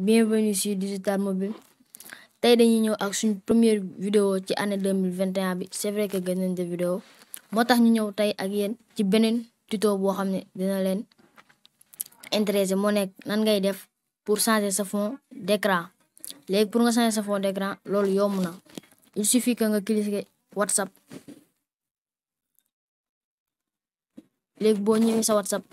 bienvenue sur Digital Mobile dañuy ñëw première vidéo ci année 2021 c'est vrai que gën de vidéo ñu ñëw ak tuto qui xamné pour changer sa fond d'écran pour changer sa fond d'écran il suffit que nga sur WhatsApp WhatsApp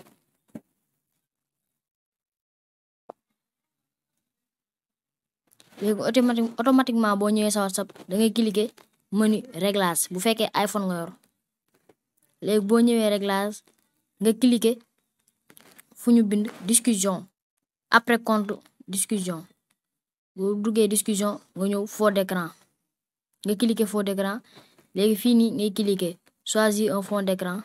léegi automatique automatiquement boo ñëwee sa WhatsApp da ngay cliquer menu réglage bu fekkee iPhone nga yor léegi boo ñëwee réglage nga cliquer fu ñu bind discussion après compte discussion boo duggee discussion nga ñëw fond d'écran nga cliquer fond d'écran léegi fii nii ngay cliquer choisir un fond d'écran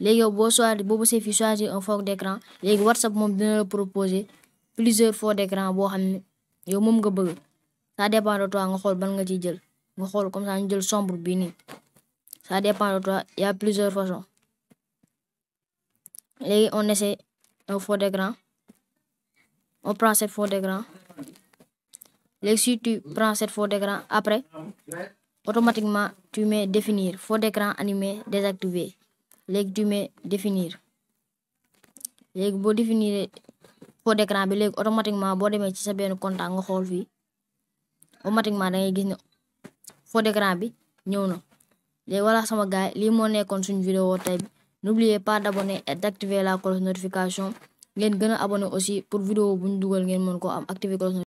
léegi yow boo choisir boo bësee fii choisir un fond d'écran léegi WhatsApp moom dina la proposer plusieurs fonds d'écran boo xam ne. yow mom nga bëgg ça dépend de toi nga xol ban nga ci jël nga xol comme ça ñu jël sombre bi ni ça dépend de toi y a plusieurs façons légui on essaie un fond d'écran on prend cette fond d'écran légui si tu prends cette fond d'écran après automatiquement tu mets définir fond d'écran animé désactivé légui tu mets définir légui bo définir fond d'écran bi léegi automatiquement boo demee ci sa benn contact nga xool fii automatiquement da ngay gis ne fond bi ñëw na léegi voilà sama gars lii moo nekkoon suñu vidéo tey bi n'oubliez pas d'abonner et d'activer la cloche notification ngeen gën a abonné aussi pour vidéo bu ñu dugal ngeen mën koo am